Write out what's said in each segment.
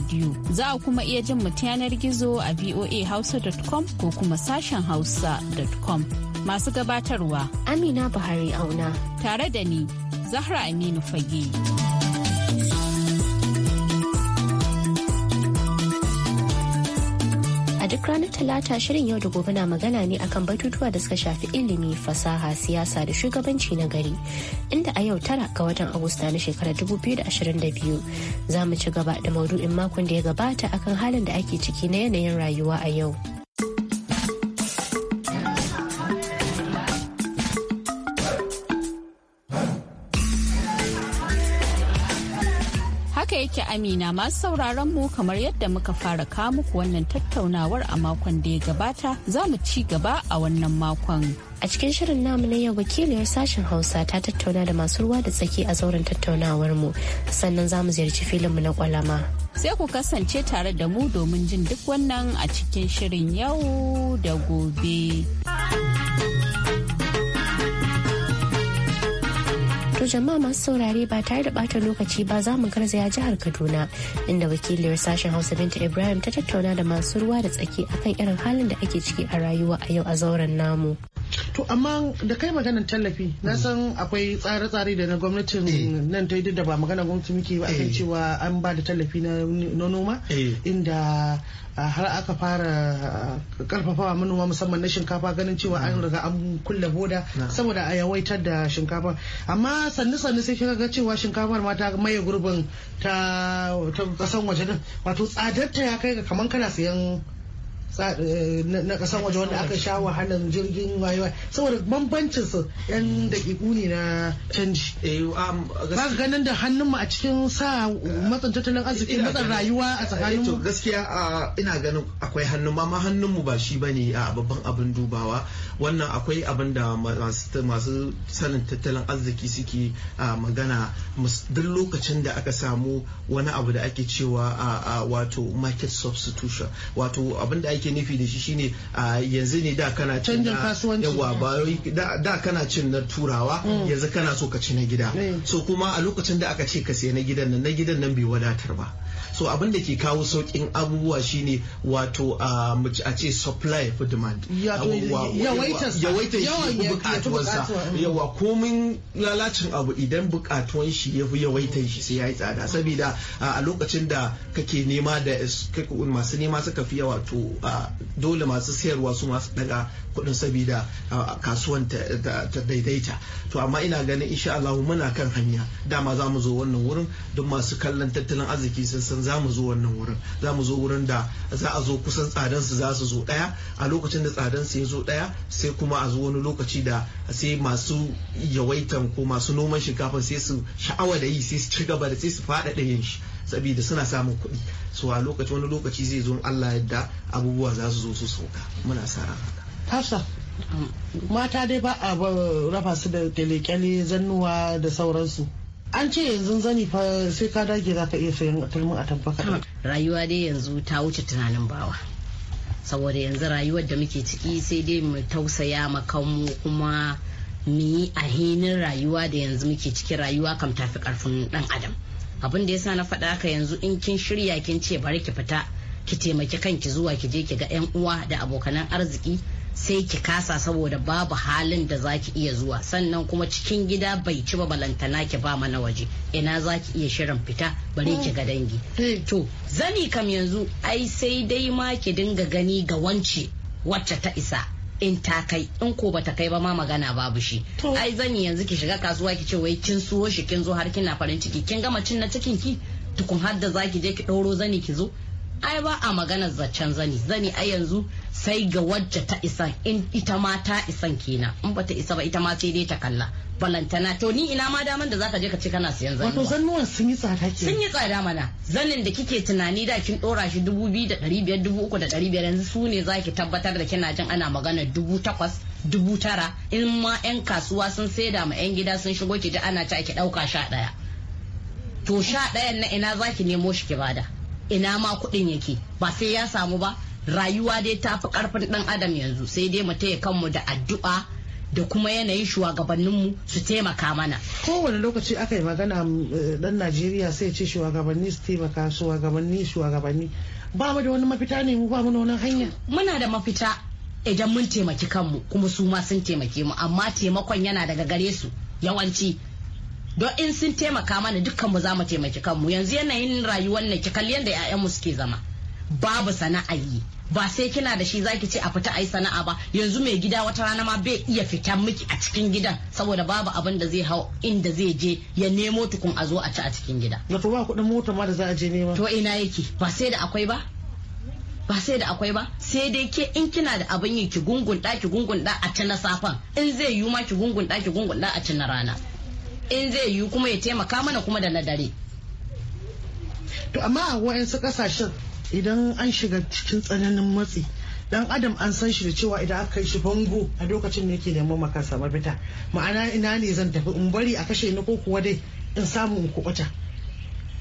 rediyo. Za a kuma iya jin mu yanar gizo a voahausa.com ko kuma sashen hausa.com. Masu gabatarwa Amina Buhari auna. Tare da ni, Zahra Aminu Fage. duk ranar talata shirin yau da gobe na magana ne akan batutuwa da suka shafi ilimi fasaha siyasa da shugabanci na gari inda a yau tara ga watan agusta na shekarar 2022 za mu ci gaba da maudu'in makon da ya gabata akan halin da ake ciki na yanayin rayuwa a yau. yake amina masu sauraron mu kamar yadda muka fara muku wannan tattaunawar a makon da ya gabata za mu ci gaba a wannan makon. A cikin shirin namu na yau wakiliyar sashen Hausa ta tattauna da masu ruwa da tsaki a zauren tattaunawar mu sannan za mu ziyarci mu na kwalama. Sai ku kasance tare da mu domin jin duk wannan a cikin shirin yau da gobe. jama'a masu saurare ba tare da bata lokaci ba za mu garzaya jihar Kaduna inda wakiliyar sashen Hausa Binta Ibrahim ta tattauna da masu ruwa da tsaki akan irin halin da ake ciki a rayuwa a yau a zauren namu. to amma da kai maganar tallafi na mm. san akwai tsare-tsare da na gwamnatin eh. nan ta yi duk da ba magana gwamnati muke ba akan eh. cewa an ba da tallafi na noma eh. inda ah, har aka fara karfafawa ah, manoma musamman na shinkafa ganin cewa an mm. riga an kulle boda saboda a yawaitar da shinkafa amma sannu sannu sai kika ga cewa shinkafar ma ta maye gurbin ta kasan waje din wato tsadar ta ya kai ga kaman kana sayan Eh, na kasan waje wanda aka sha wahalar jirgin wayewa saboda bambancin su yan dakiku ne na canji eh, um, ba ganin da hannun a cikin sa matsan tattalin arziki matsan rayuwa a tsakanin eh, mu gaskiya ah, ina ganin akwai hannun ma hannun mu ba shi bane a ah, babban abin dubawa wannan akwai abin da masu sanin tattalin arziki suke magana duk lokacin da aka samu wani abu da ake cewa wato market substitution wato abin da ake nufi da shi shine yanzu ne da kana cin yawa da kana cin na turawa mm. yanzu kana so ka ci na gida mm. so kuma a lokacin da aka ce ka sai na gidan nan na gidan nan bai wadatar ba so abin da ke kawo saukin abubuwa shine wato a ce supply for demand yawaitar shi yawa eh. komin lalacin abu idan bukatuwan shi ya fi yawaitar shi sai ya yi tsada saboda a lokacin da kake nema da masu nema suka fi yawa to dole masu sayarwa su masu daga kudin saboda kasuwan ta daidaita to amma ina ganin insha Allah muna kan hanya dama za mu zo wannan wurin don masu kallon tattalin arziki sun san za mu zo wannan wurin za mu zo wurin da za a zo kusan tsadan su za su zo daya a lokacin da tsadan su ya zo daya sai kuma a zo wani lokaci da sai masu yawaitan ko masu noman shinkafa sai su sha'awa da yi sai su ci gaba da sai su faɗaɗa yin shi saboda suna samun kuɗi so a lokaci wani lokaci zai zo Allah yadda abubuwa za su zo su sauka muna sa haka mata dai ba a raba su da kyale-kyale zannuwa da sauransu an ce yanzu zani fa sai ka dage za ka iya sayan talmin a tabbaka hmm. rayuwa dai yanzu ta wuce tunanin bawa saboda yanzu rayuwar da muke ciki sai dai mu tausaya ma kanmu kuma mu yi a hinin rayuwa da yanzu muke ciki rayuwa kam tafi karfin dan adam abin da yasa na faɗa haka yanzu in kin shirya kin ce bari ki fita ki taimaki kanki zuwa ki je ki ga yan uwa da abokanan arziki sai ki kasa saboda babu halin da zaki iya zuwa sannan kuma cikin gida bai ci ba balantana ki ba mana waje ina zaki iya shirin fita Bari ki ga dangi to zani kam yanzu ai sai dai ma ki dinga gani ga wance wacce ta isa in ta kai in ko bata kai ba ma magana babu shi ai zani yanzu ki shiga kasuwa ki ce wai kin suwo shi kin zo har kina farin ciki kin gama cin na cikin ki tukun har da zaki je ki ɗauro zani ki zo ai ba a maganar zaccen zani zani a yanzu sai ga wacce ta isa in ita ma ta isan kenan in bata isa ba ita ma sai dai ta kalla balantana to ni ina ma daman da zaka je ka ce kana siyan zanuwa wato zannuwan sun yi tsada ke sun yi tsada mana zanin da kike tunani da kin dora shi dubu biyu da yanzu su ne zaki tabbatar da kina jin ana magana dubu takwas in ma 'yan kasuwa sun saida ma 'yan gida sun shigo ki da ana ta ki ɗauka sha ɗaya to sha ɗaya na ina zaki nemo shi ki bada ina ma kuɗin yake ba sai ya samu ba rayuwa dai ta fi karfin dan adam yanzu sai dai mu taya kanmu da addu'a da kuma yanayin shugabanninmu su taimaka mana. Kowane lokaci aka yi magana dan mm, eh, Najeriya sai ce shugabanni su taimaka shugabanni shugabanni ba mu da wani mafita ne mu ba mu da wani hanya. Muna da mafita idan mun taimaki kanmu kuma su ma sun taimake mu amma taimakon yana daga gare su yawanci don in sun taimaka mana dukkanmu za mu taimaki kanmu yanzu yanayin rayuwar na ki kalli yadda 'ya'yanmu suke zama. babu sana'a yi ba sai kina da shi zaki ce a fita ayi sana'a ba yanzu mai gida wata rana ma bai iya fita miki a cikin gidan saboda babu abin da zai hau inda zai je ya nemo tukun a zo a ci a cikin gida to ba kuɗin mota ma da za a je nema to ina yake ba sai da akwai ba ba sai da akwai ba sai dai ke in kina da abin yi ki gungunda ki gungunda a ci na safan in zai yiwu ma ki gungunda ki gungunda a ci na rana in zai yiwu kuma ya taimaka mana kuma da na dare to amma a wa'ansu kasashen idan an shiga cikin tsananin matsi dan adam an san shi da cewa idan aka kai shi bango a lokacin da yake neman makansa mafita ma'ana ina ne zan tafi in bari a kashe ni ko kuwa dai in samu in kubuta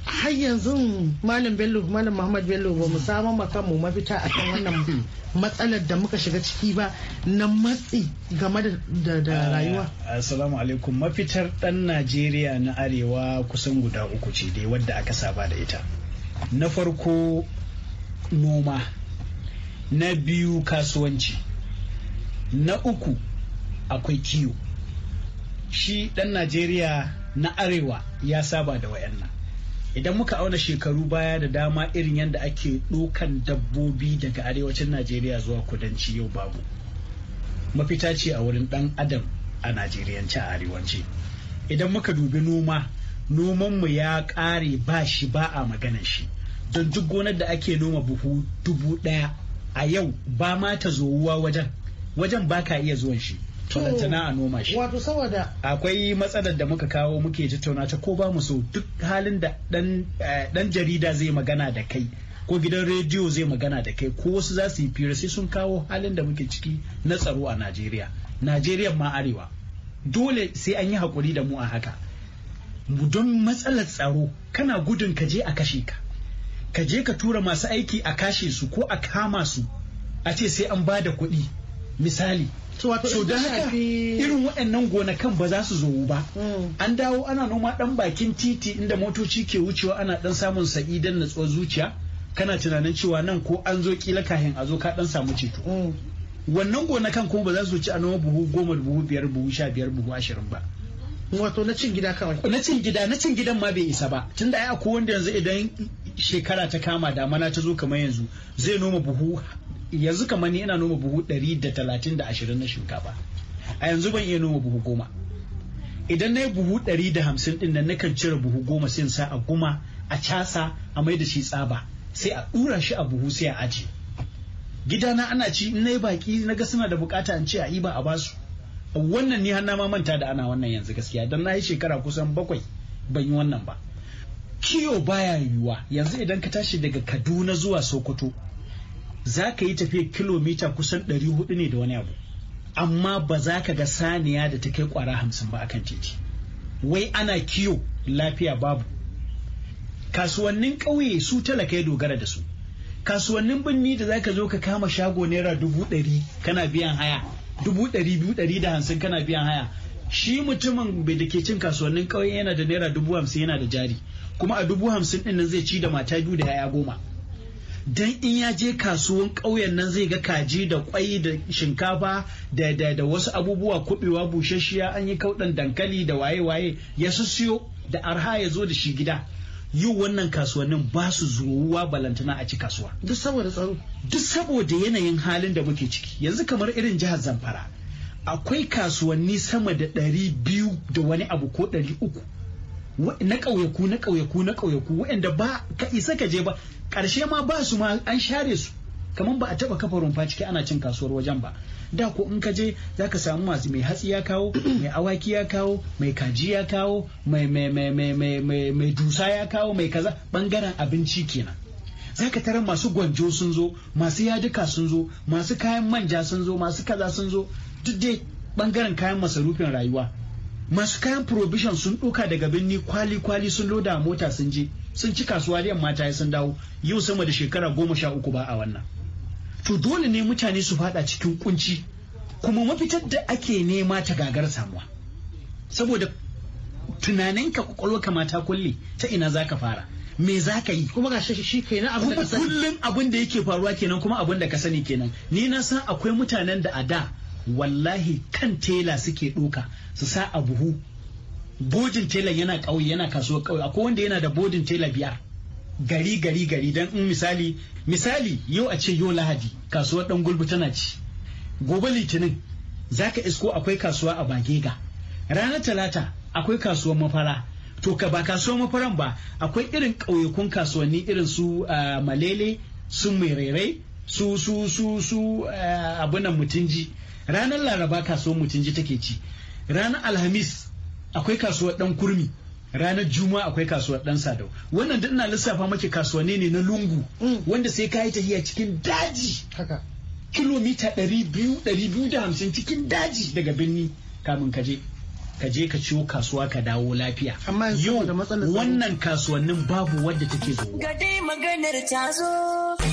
har yanzu malam bello malam muhammad bello ba mu samu maka mu mafita a kan wannan matsalar da muka shiga ciki ba na matsi game da ah, rayuwa assalamu alaikum mafitar dan najeriya na arewa kusan guda uku ce dai wadda aka saba da ita na farko noma na biyu kasuwanci na uku akwai kiwo shi ɗan najeriya na arewa ya saba da wayanna idan muka auna shekaru baya da dama irin yadda ake ɗokan dabbobi daga arewacin najeriya zuwa kudanci yau babu mafita ce a wurin ɗan adam a najeriyance a arewanci idan muka dubi noma mu ya ƙare ba shi ba a maganan shi don duk gonar da ake noma buhu dubu ɗaya a yau ba ma ta zuwa wajen wajen ba ka iya zuwan shi tunantana a noma shi wato saboda akwai matsalar da muka kawo muke tattauna ta ko ba mu so duk halin da dan eh, jarida zai magana da kai ko gidan rediyo zai magana da kai ko wasu za su yi fira sai sun kawo halin da muke ciki na tsaro a najeriya najeriya ma arewa dole sai an yi hakuri da mu a haka don matsalar tsaro kana gudun ka je a kashe ka ka je ka tura masu aiki a kashe su ko a kama su a ce sai an bada kuɗi misali so da haka irin waɗannan gonakan ba za su zo ba mm. an dawo ana noma ɗan bakin titi inda motoci ke wucewa ana ɗan samun sa'i don natsuwar zuciya kana tunanin cewa nan ko an zo kila kahin a zo ka ɗan samu ceto mm. wannan gonakan kuma ba za su ci a noma buhu goma buhu biyar buhu sha biyar buhu ashirin ba wato na cin gida kawai na cin gida na cin gidan ma bai isa ba tunda ai akwai wanda yanzu idan shekara ta kama damana ta zo kamar yanzu zai noma buhu yanzu kamar ni ina noma buhu 130 na shinkafa a yanzu ban iya noma buhu goma idan na yi buhu 150 din nan nakan cire buhu goma sai sa a guma a casa a mai da shi tsaba sai a dura shi a buhu sai a aji. gidana ana ci in na yi baki na ga suna da bukata in ce a iba a basu wannan ni har na manta da ana wannan yanzu gaskiya don na yi shekara kusan bakwai ban yi wannan ba kiyo baya yiwuwa yanzu idan ka tashi daga kaduna zuwa sokoto za ka yi tafiya kilomita kusan 400 ne da wani abu amma ba za ka ga saniya da ta kai kwara hamsin ba akan titi wai ana kiyo lafiya babu kasuwannin ƙauye su talaka ya dogara da su kasuwannin birni da za ka zo ka kama shago naira dubu ɗari kana biyan haya dubu ɗari biyu ɗari da hamsin kana biyan haya shi mutumin da ke cin kasuwannin ƙauye yana da naira dubu hamsin yana da jari kuma a dubu hamsin ɗin nan zai ci da mata biyu da yaya goma dan in ya je kasuwan ƙauyen nan zai ga kaji da ƙwai da shinkafa da da wasu abubuwa kuɓewa bushashiya an yi kauɗan dankali da waye-waye ya siyo da arha ya zo da shi gida yi wannan kasuwannin ba su zuwa balantana a ci kasuwa duk saboda tsaro duk saboda yanayin halin da muke ciki yanzu kamar irin jihar zamfara akwai kasuwanni sama da ɗari biyu da wani abu ko ɗari uku na ƙauyaku na ƙauyaku na ƙauyaku waɗanda ba ka isa ka je ba ƙarshe ma ba su ma an share su kamar ba a taɓa kafa rumfa ciki ana cin kasuwar wajen ba da ko in ka je za ka samu masu mai hatsi ya kawo mai awaki ya kawo mai kaji ya kawo mai mai mai mai mai mai mai dusa ya kawo mai kaza bangaren abinci kenan za ka tarar masu gwanjo sun zo masu yaduka sun zo masu kayan manja sun zo masu kaza sun zo duk dai bangaren kayan masarufin rayuwa masu kayan provision sun ɗuka daga birni kwali-kwali sun loda mota sun je sun ci kasuwa da yamma ta sun dawo yau sama da shekara goma sha uku ba a wannan to dole ne mutane su fada cikin kunci kuma mafitar da ake nema ta gagar samuwa saboda tunaninka kwakwalwarka ka mata kulle ta ina za ka fara me za ka yi kuma ga shi kenan abin da kullum abin da yake faruwa kenan kuma abin da ka sani kenan ni na san akwai mutanen da a da wallahi kan tela suke ɗoka su sa a buhu bodin tela yana ƙauye yana kasuwar ƙauye akwai wanda yana da bodin tela biyar gari gari gari dan in misali misali yau a ce yau lahadi kasuwar ɗan gulbi tana ci gobe litinin zaka isko akwai kasuwa a bagega ranar talata akwai kasuwar mafara to ka ba kasuwar mafaran ba akwai irin ƙauyakun kasuwanni irin su malele su mai su su su su abunan mutunji ranar laraba kasuwar mutunji take ci ranar alhamis akwai kasuwar dan kurmi ranar juma'a akwai kasuwar dan sadau wannan duk ina lissafa maki kasuwanni ne na lungu mm. wanda sai ka yi tahiya cikin daji haka kilomita 250 cikin daji daga birni kamin ka je ka ciwo kasuwa ka dawo lafiya Amma yau wannan kasuwannin babu wadda take zo ga maganar ta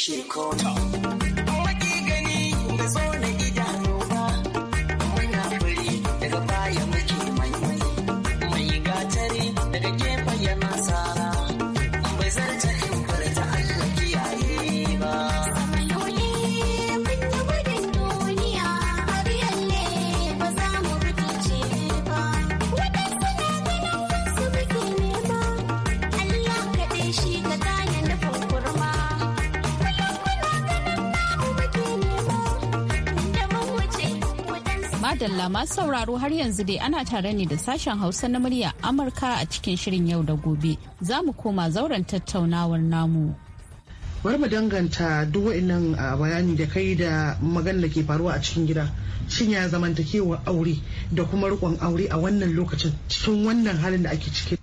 She call. masu sauraro har yanzu dai ana tare ne da sashen Hausa na murya Amurka a cikin shirin yau da gobe. Za mu koma zauren tattaunawar namu. Bari mu danganta duk a bayani da kai da magana da ke faruwa a cikin gida. Shin ya zamantakewa aure da kuma riƙon aure a wannan lokacin cikin wannan halin da ake ciki.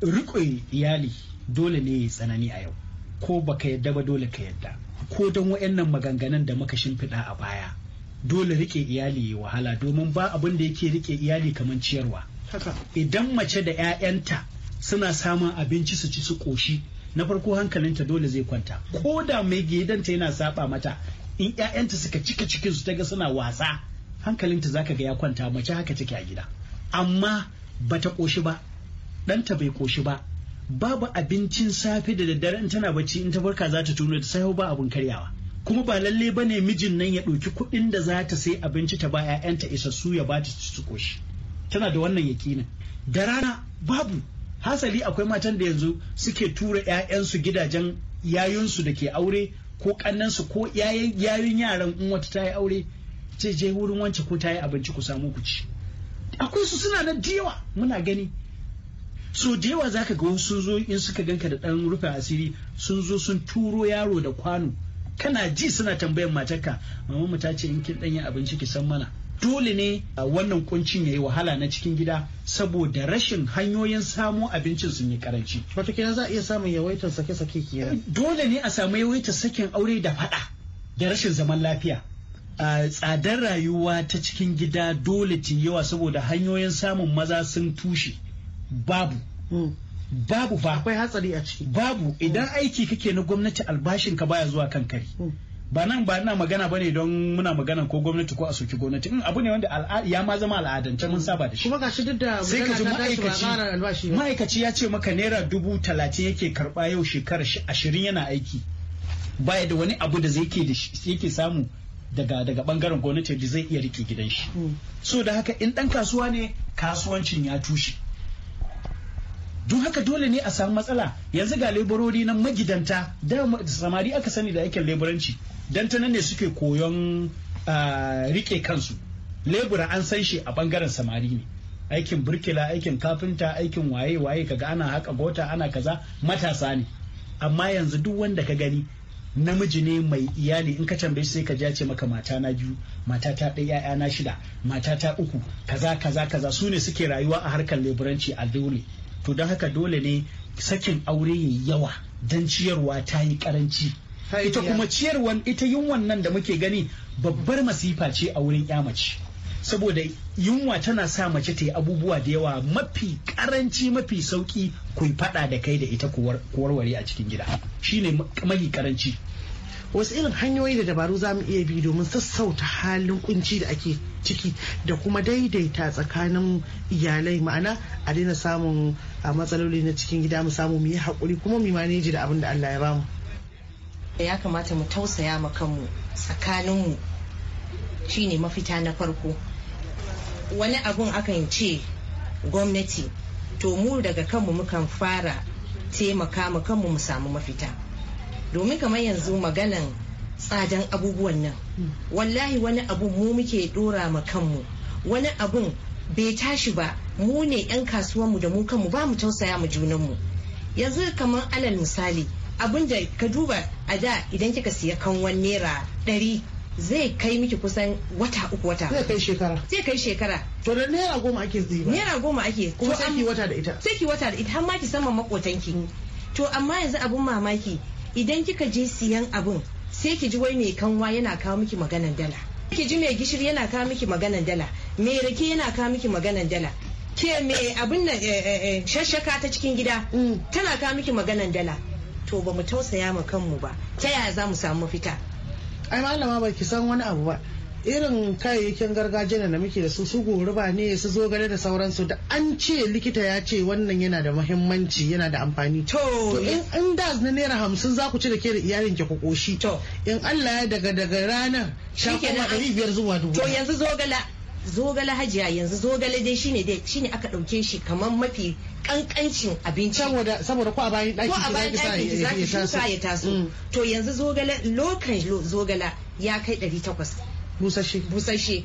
Riƙon iyali dole ne ya tsanani a yau. Ko baka yadda ba dole ka yadda. Ko don wa'annan maganganun da muka shimfiɗa a baya. dole rike iyali wahala domin ba abin da yake rike iyali kamar ciyarwa idan mace da 'ya'yanta suna samun abinci su ci su koshi na farko hankalinta dole zai kwanta ko da mai gidanta yana saba mata in 'ya'yanta suka cika cikin su taga suna wasa hankalinta zaka ga ya kwanta mace haka take a gida amma bata koshi ba ɗanta bai koshi ba babu abincin safe da daddare in tana bacci in ta farka za ta tuno ta sayo ba abin karyawa kuma ba lalle ba ne mijin nan ya ɗauki kuɗin da za ta sai abinci ta ba 'ya'yanta isassu ya ba ta su koshi tana da wannan yakinin da rana babu hasali akwai matan da yanzu suke tura 'ya'yansu gidajen yayunsu da ke aure ko ƙannansu ko yayin yaran in wata ta yi aure ce je wurin wance ko ta yi abinci ku samu ku ci akwai su suna nan yawa muna gani so da yawa zaka ga sun zo in suka ganka da ɗan rufe asiri sun zo sun turo yaro da kwano kana ji suna tambayan matarka mamanmu ta ce in kin danyi abinci ki san mana dole ne wannan kuncin yayi wahala na cikin gida saboda rashin hanyoyin samo abincin sun yi karanci. Wato kina za a iya samun yawaitar sake-sake ki Dole ne a samu yawaitar sakin aure da faɗa da rashin zaman lafiya. a tsadar rayuwa ta cikin gida dole ta yawa saboda hanyoyin samun maza sun tushe babu hmm. babu ba akwai hatsari a ciki babu idan hmm. aiki kake na gwamnati albashin ka baya zuwa kan kare hmm. ba nan ba ina magana bane don muna magana ko gwamnati ko a soki gwamnati in abu ne wanda ya ma zama al'adance mun saba da shi kuma gashi duk da sai ka ji ma'aikaci ma'aikaci ya ce maka naira dubu talatin yake karba yau shekarar ashirin yana aiki baya da wani abu da zai ke da shi yake samu daga daga bangaren gwamnati da zai iya rike gidan shi hmm. so da haka in dan kasuwa ne kasuwancin ya tushe don haka dole ne a samu matsala yanzu ga leburori na magidanta da samari aka sani da aikin leburanci dan ta nan ne suke koyon ah, rike kansu lebura an san shi a bangaren samari ne aikin burkila aikin kafinta aikin waye waye kaga ana haka gota ana kaza matasa ne amma yanzu duk wanda ka gani namiji ne mai iyali in ka tambaye sai ka jace maka mata na biyu mata ta ɗaya ya'ya na shida mata ta uku kaza kaza kaza su ne suke rayuwa a harkar leburanci a dole to don haka dole ne sakin aure yayi yawa don ciyarwa ta yi karanci ita kuma ciyarwan ita yunwan nan da muke gani babbar masifa ce a wurin ya mace saboda yunwa tana sa mace ta yi abubuwa da yawa mafi karanci mafi sauki ku faɗa da kai da ita ku warware a cikin gida shine mafi karanci wasu irin hanyoyi da dabaru za mu iya bi domin sassauta halin kunci da ake ciki da kuma daidaita tsakanin iyalai ma'ana a daina samun ah, matsaloli na cikin gida mu samu mu yi haƙuri kuma mu maneji da abin da Allah ya bamu ya kamata mu tausaya ma kanmu tsakaninmu shine mafita na farko wani abun akan ce gwamnati to mu daga kanmu mukan fara taimaka ma kanmu mu samu mafita domin kamar yanzu maganan tsadan abubuwan nan hmm. wallahi wani abun mu muke dora ma kanmu wani abun bai tashi ba mu ne 'yan mu da mu kanmu ba mu tausaya mu junanmu yanzu kamar alal misali abun da ka duba a da idan kika siya kanwan naira ɗari zai kai miki kusan wata uku wata zai kai shekara zai kai shekara to da naira goma ake ziba naira goma ake kuma sai ki wata da ita sai ki wata da ita har ma ki sama makotanki hmm. to amma yanzu abun mamaki idan kika je siyan abun sai ki ji wai mai kanwa yana kawo miki maganan dala ki ji mai gishiri yana kawo miki maganan dala mai rake yana kawo miki maganan dala ke mai abin nan eh, eh, eh, shashaka ta cikin gida mm. tana kawo miki maganan dala to ba mu tausaya ma kanmu ba ta yaya za mu samu mafita ai malama ba ki san wani abu ba irin kayayyakin gargajiya da muke da su su goruba ne su zo gare da sauransu da an ce likita ya ce wannan yana da muhimmanci yana da amfani to in da na naira hamsin za ku ci da ke da iyalin ki ku koshi to in Allah ya daga daga ranar sha kuma ɗari biyar zuwa dubu to yanzu zogala zogala hajiya yanzu zogala dai shine dai shine aka dauke shi kamar mafi kankancin abinci saboda saboda ko a bayan daki ko a bayan daki ki zaki shuka ya taso mm. to yanzu zogala lokacin zogala ya kai 800 busashe busashe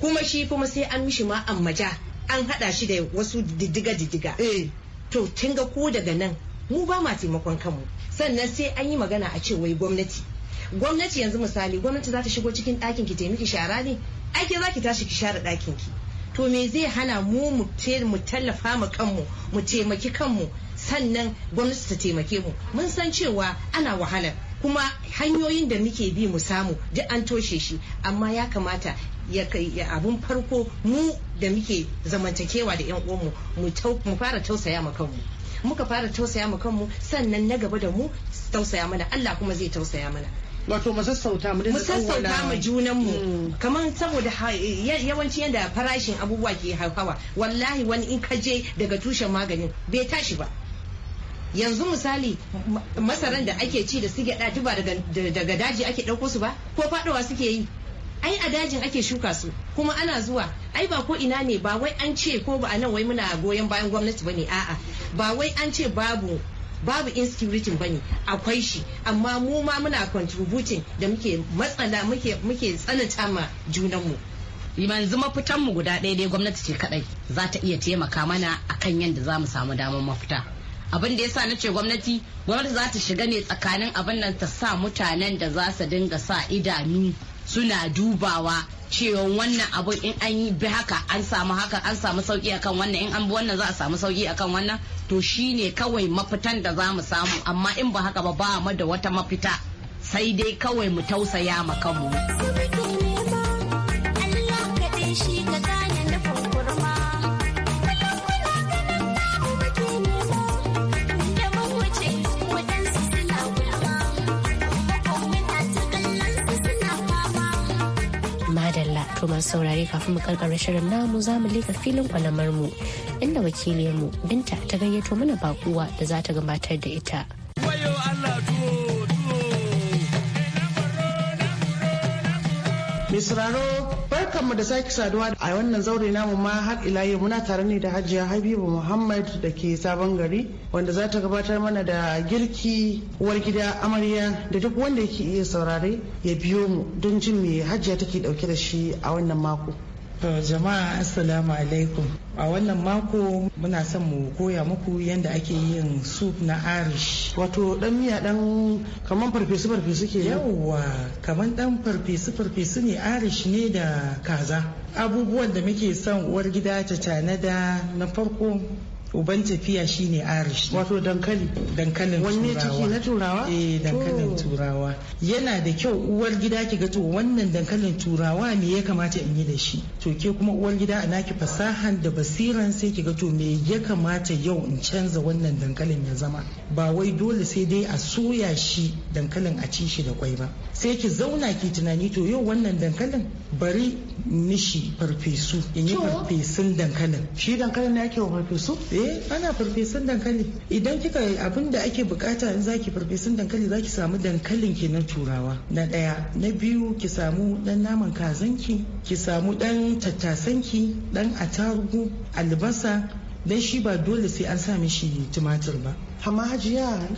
kuma shi kuma sai an mishi ma ammaja an hada shi da wasu diddiga diddiga eh to tun ga ko daga nan mu ba ma taimakon kanmu sannan sai an yi magana a ce wai gwamnati gwamnati yanzu misali gwamnati za ta shigo cikin ɗakin ki taimaki shara ne za ki tashi ki share ɗakin ki to me zai hana mu mu tallafa mu kanmu mu taimaki kanmu sannan gwamnati ta taimake mu mun san cewa ana wahalar kuma hanyoyin da muke bi mu samu duk an toshe shi amma ya kamata ya abun farko mu da muke zamantakewa da yan uwanmu mu fara tausaya ma kanmu muka fara tausaya ma kanmu sannan na gaba da mu tausaya mana Allah kuma zai tausaya mana wato mu sassauta mu mu sassauta mu junan mu mm. kamar saboda yawanci yadda farashin abubuwa ke hawa wallahi wani in ka je daga tushen maganin bai tashi ba yanzu misali masaran da ake ci da su gyaɗa ba daga daji ake ɗauko su ba ko faɗowa suke yi ai a dajin ake shuka su kuma ana zuwa ai ba ko ina ne ba wai an ce ko ba a nan wai muna goyon bayan gwamnati bane a'a ba wai an ce babu babu insecurity bane akwai shi amma mu ma muna contributing da muke matsala muke muke tsananta ma junanmu yanzu mafitan mu guda ɗaya dai gwamnati ce kadai za ta iya taimaka mana akan yadda za mu samu damar mafita abin da yasa na ce gwamnati gwamnati za ta shiga ne tsakanin abin nan ta sa mutanen da za su dinga sa idanu suna dubawa cewa wannan abu in an yi bi haka an samu haka an samu sauki akan wannan in an bi wannan za a samu sauki akan wannan to shine kawai mafitan da za mu samu amma in ba haka ba ba mu da wata mafita sai dai kawai mu tausaya ma kanmu. Allah ka To masu saurare kafin mu karkara shirin namu za mu leka filin kwalamar mu inda mu Binta ta gayyato mana bakuwa da za ta gabatar da ita. Misrano, Barkanmu da sake saduwa a wannan zaure namu ma har ila yau muna tare ne da Hajiya Habibu Muhammad da ke sabon gari wanda za ta gabatar mana da girki uwar gida amarya da duk wanda yake iya saurare ya biyo mu don jin me Hajiya take dauke da shi a wannan mako. jama'a assalamu alaikum a wannan mako muna son mu koya muku yadda ake yin soup na irish wato dan miya dan kaman farfesu farfesu ke yawwa kaman dan farfesu farfesu ne irish ne da kaza abubuwan da muke son uwar gida ta tanada na farko uban tafiya shine irish wato dankali dankalin turawa. wanne ciki na turawa eh dankalin turawa yana da kyau uwar gida ki ga to wannan dankalin turawa me ya kamata in yi da shi to ke kuma uwar gida a naki fasahan da basiran sai ki ga to me ya kamata yau in canza wannan dankalin ya zama ba wai dole sai dai a soya shi dankalin a ci shi da kwai ba sai ki zauna ki tunani to yau wannan dankalin bari mishi farfesu in yi farfesun dankalin shi dankalin na ake wa farfesu eh ana farfesun dankali idan kika abin da ake bukata in zaki farfesun dankali zaki samu dankalin ki na turawa na daya na biyu ki samu dan naman kazanki ki samu dan tattasanki dan atarugu albasa dan shi ba dole sai an sa mishi tumatir ba hama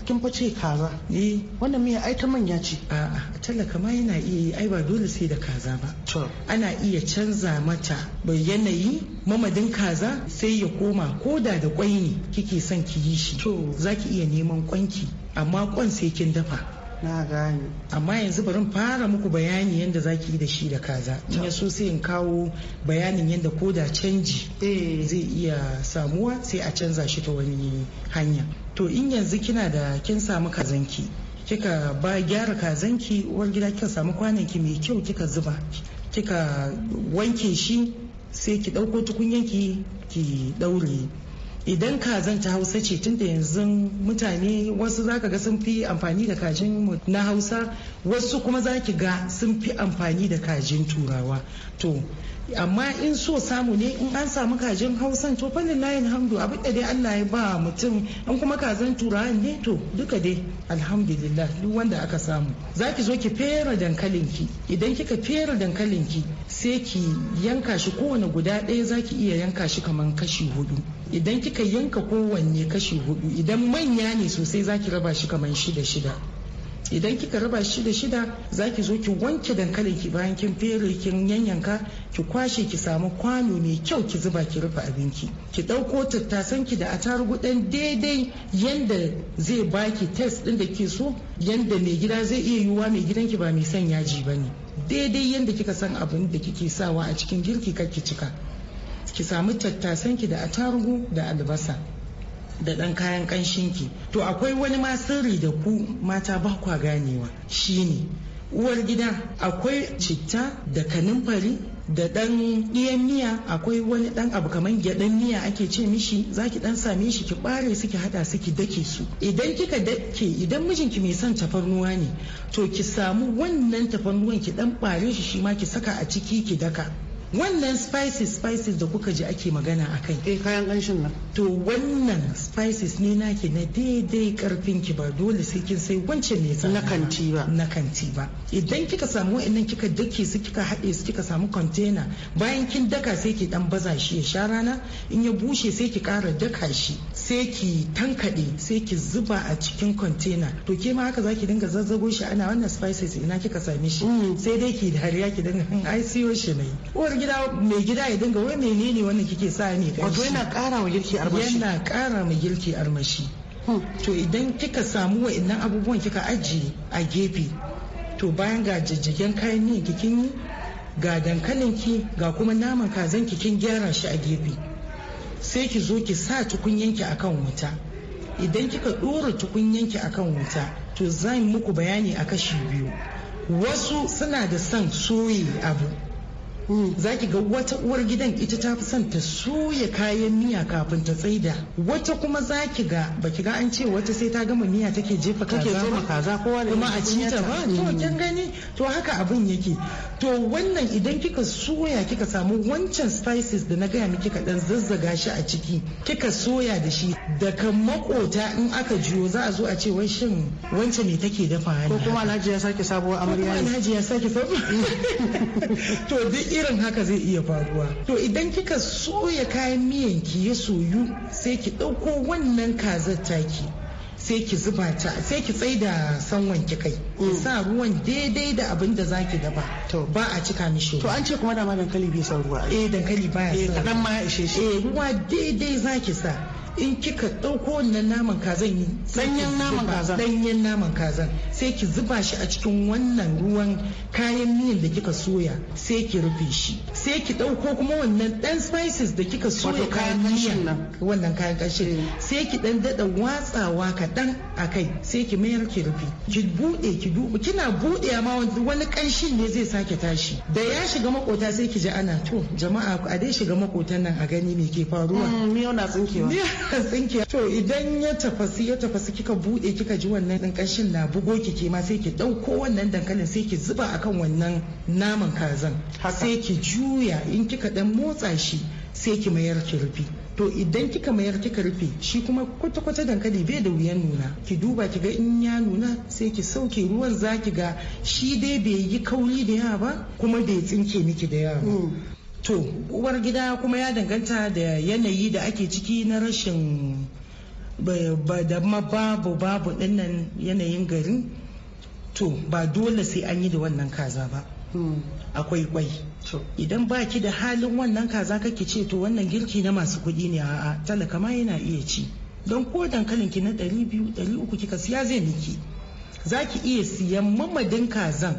kin fa ce kaza ni eh, wannan miya ai ta manya ce a'a talaka ma yana iya ai ba dole sai da kaza ba to ana iya canza mata bai yanayi mamadin kaza sai ya koma koda da kwai ne kike son ki yi shi to zaki iya neman kwanki amma kwan sai kin dafa na gane amma yanzu bari fara muku bayani yadda zaki yi da shi da kaza in ya so sai in kawo bayanin yadda koda da canji eh. zai iya samuwa sai a canza shi ta wani hanya to in yanzu kina da kin samu kazanki kika ba gyara kazanki uwar gida kika samu kwananki mai kyau kika zuba kika wanke shi sai ki ɗauko tukunyanki ki ɗaure idan kazan ta hausa ce tunda yanzu mutane wasu zaka ga sun fi amfani da kajin na hausa wasu kuma zaki ga sun fi amfani da kajin turawa to amma in so samu ne in an samu kajin hausan to fannin layin hamdu abin da dai allah ya ba mutum an kuma kazan turawa ne to duka dai alhamdulillah duk wanda aka samu za ki zo ki fera ki idan kika fera ki sai ki yanka shi kowane guda ɗaya zaki iya yanka shi kaman kashi hudu idan kika yanka kowanne kashi hudu idan manya ne sosai zaki raba shi kaman shida shida idan kika raba shi da shida za ki zo ki wanke dankalin ki bayan kin fere kin yanyanka ki kwashe ki samu kwano mai kyau ki zuba ki rufe abinki ki ɗauko tattasan ki da atarugu ɗan daidai yanda zai baki test ɗin da ke so yanda mai gida zai iya yiwuwa mai gidan ki ba mai son yaji ba ne daidai yanda kika san abin da kike sawa a cikin girki kar ki cika ki samu tattasan ki da atarugu da albasa da ɗan kayan ƙanshinki to akwai wani ma sirri da ku mata ba kwa ganewa shine uwar gida akwai citta da kanumfari da ɗan ɗiyan miya akwai wani ɗan abu kamar gyaɗan miya ake ce mishi zaki ɗan same shi ki ɓare su ki haɗa su ki dake su idan kika dake idan mijinki mai son tafarnuwa ne to ki samu wannan tafarnuwan ki ɗan ɓare shi shi ma ki saka a ciki ki daka wannan spices spices da kuka ji ake magana a kai eh kayan ƙanshin nan to wannan spices ne nake na daidai karfin ki ba dole sai kin sai wancan ne sa na kanti ba na kanti ba idan kika samu wa'annan kika dake su kika haɗe su kika samu container bayan kin daka sai ki dan baza shi ya sha rana in ya bushe sai ki kara daka shi sai ki tankade sai ki zuba a cikin container to ke ma haka zaki dinga zazzago shi ana wannan spices ina kika same shi mm. sai dai ki dariya ki dinga hmm, ai siyo shi ne gida mai gida ya dinga wai menene wannan kike sa ne kai wato yana kara wa girki armashi yana kara ma girki armashi hmm. to idan kika samu wa'annan abubuwan kika ajiye a gefe to bayan ga jajjagen kayan ne kikin yi ga dankalin ki ga kuma naman kazan kin gyara shi a gefe sai ki zo ki sa ki akan wuta idan kika dora ki akan wuta to zan muku bayani a kashi biyu wasu suna da son soye abu za ki ga wata uwar gidan ita ta fi son ta soya kayan miya kafin ta tsaida wata kuma za ki ga baki ga an ce wata sai ta gama miya take jefa kaza kuma a ci ta ba to hmm. kin gani to haka abin yake to wannan idan kika soya kika samu wancan spices da na gaya miki kadan zazzaga shi a ciki kika soya da shi daga makota in aka jiyo za a zo a ce wai shin wancan ne take dafa ko kuma alhaji ya sake sabuwar amarya ko kuma alhaji ya sake sabuwar to duk irin haka zai iya faruwa to idan kika soya kayan miyan ki ya soyu sai ki ɗauko wannan kazar taki sai ki zuba ta sai ki da sanwan ki kai ki mm. sa ruwan daidai da abin da zaki dafa to ba a cika mishi to an ce kuma dama dankali bai san ruwa eh dankali baya eh kadan ma ya ishe shi eh ruwa daidai zaki sa in kika ɗauko wannan naman kazan yi ɗanyen naman kazan ɗanyen naman kazan sai ki zuba shi a cikin wannan ruwan kayan miyan da kika soya sai ki rufe shi sai ki ɗauko kuma wannan ɗan spices da kika soya kayan miyan wannan kayan kashi eh. sai ki ɗan daɗa watsawa kaɗan a kai sai ki mayar ki rufe ki buɗe ki duba kina buɗe ma wani ƙanshin ne zai sake tashi da ya shiga makota sai ki ji ana to jama'a a dai shiga makotan nan a gani me ke faruwa mm, miyau na tsinkewa tsinke to idan ya tafasi ya tafasi kika bude kika ji wannan din kashin na bugo ki ke ma sai ki dauko wannan dankalin sai ki zuba akan wannan naman kazan sai ki juya in kika dan motsa shi sai ki mayar ki rufi to idan kika mayar kika rufe shi kuma kwata-kwata dankali bai da wuyan nuna ki duba ki ga in ya nuna sai ki sauke ruwan zaki ga shi dai bai yi kauri da yawa ba kuma bai tsinke miki da yawa ba. Mm. to uwar gida kuma ya danganta da yanayi da ake ciki na rashin da babu babu dinnan yanayin garin to ba dole sai an yi da wannan kaza ba hmm. akwai kwai idan baki da halin wannan kaza kake ce to wannan girki na masu kuɗi ne a talaka ma yana iya ci don ko dankalin ki na ɗari uku kika siya zai niki? za ki iya siyan mamadin kazan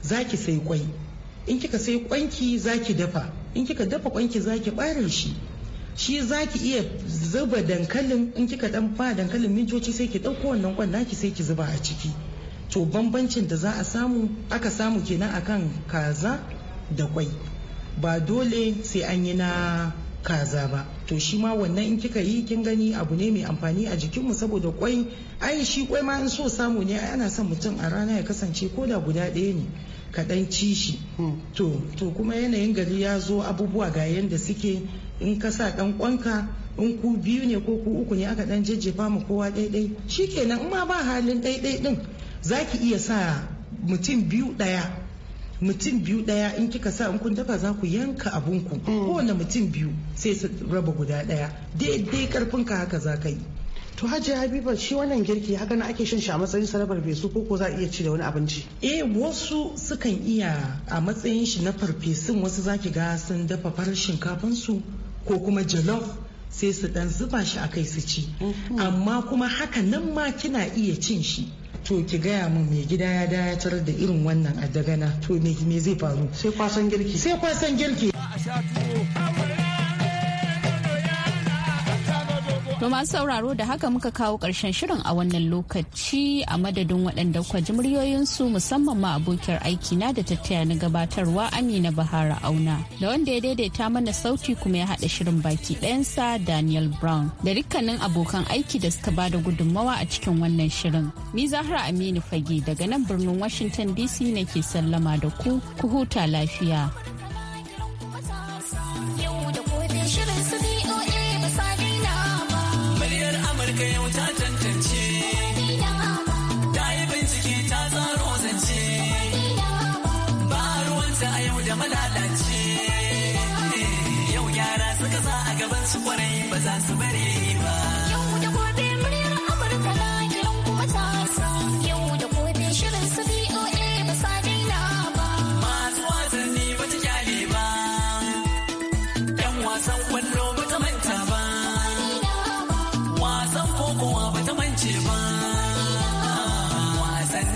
za ki sai kwai in kika sai kwanki za ki dafa in kika dafa kwanki zaki bare shi shi zaki iya zuba dankalin in kika dan ba dankalin mintoci sai ki dauko wannan kwan naki sai ki zuba a ciki to bambancin da za a samu aka samu kenan akan kaza da kwai ba dole sai an yi na kaza ba to shi ma wannan in kika yi kin gani abu ne mai amfani a jikinmu saboda kwai ai shi kwai ma in so samu ne ana son mutum a rana ya kasance ko da guda ɗaya ne kaɗan ci shi hmm. to kuma yanayin gari ya zo abubuwa ga yadda suke in ka sa ɗan kwanka in ku biyu ne ko ku uku ne aka ɗan jajjefa mu kowa ɗaiɗai shikenan in ma ba halin ɗaiɗai ɗin za ki iya sa mutum biyu ɗaya mutum biyu ɗaya in kika sa in kun dafa za ku yanka abunku hmm. kowane mutum biyu sai su raba guda ɗaya daidai karfinka haka za ka yi to hajiya habiba shi wannan girki haka na ake shan shi a matsayin sarrafar fesu ko ko za a iya ci da wani abinci eh wasu sukan iya a matsayin shi na farfesun wasu zaki ga sun dafa farar shinkafan su ko kuma jalof sai su dan zuba shi akai su ci amma kuma haka nan ma kina iya cin shi to ki gaya min mai gida ya dayatar da irin wannan adagana to me zai faru sai kwasan girki sai kwasan girki a sha tuwo To masu sauraro da haka muka kawo ƙarshen shirin a wannan lokaci a madadin waɗanda kwa ji muryoyinsu musamman ma abokiyar aiki na da tattaya na gabatarwa Amina Bahara Auna da wanda ya daidaita mana sauti kuma ya haɗa shirin baki ɗayansa Daniel Brown da dukkanin abokan aiki da suka bada gudummawa a cikin wannan shirin. Ni Zahra Aminu Fage daga nan birnin Washington DC nake sallama da ku ku huta lafiya.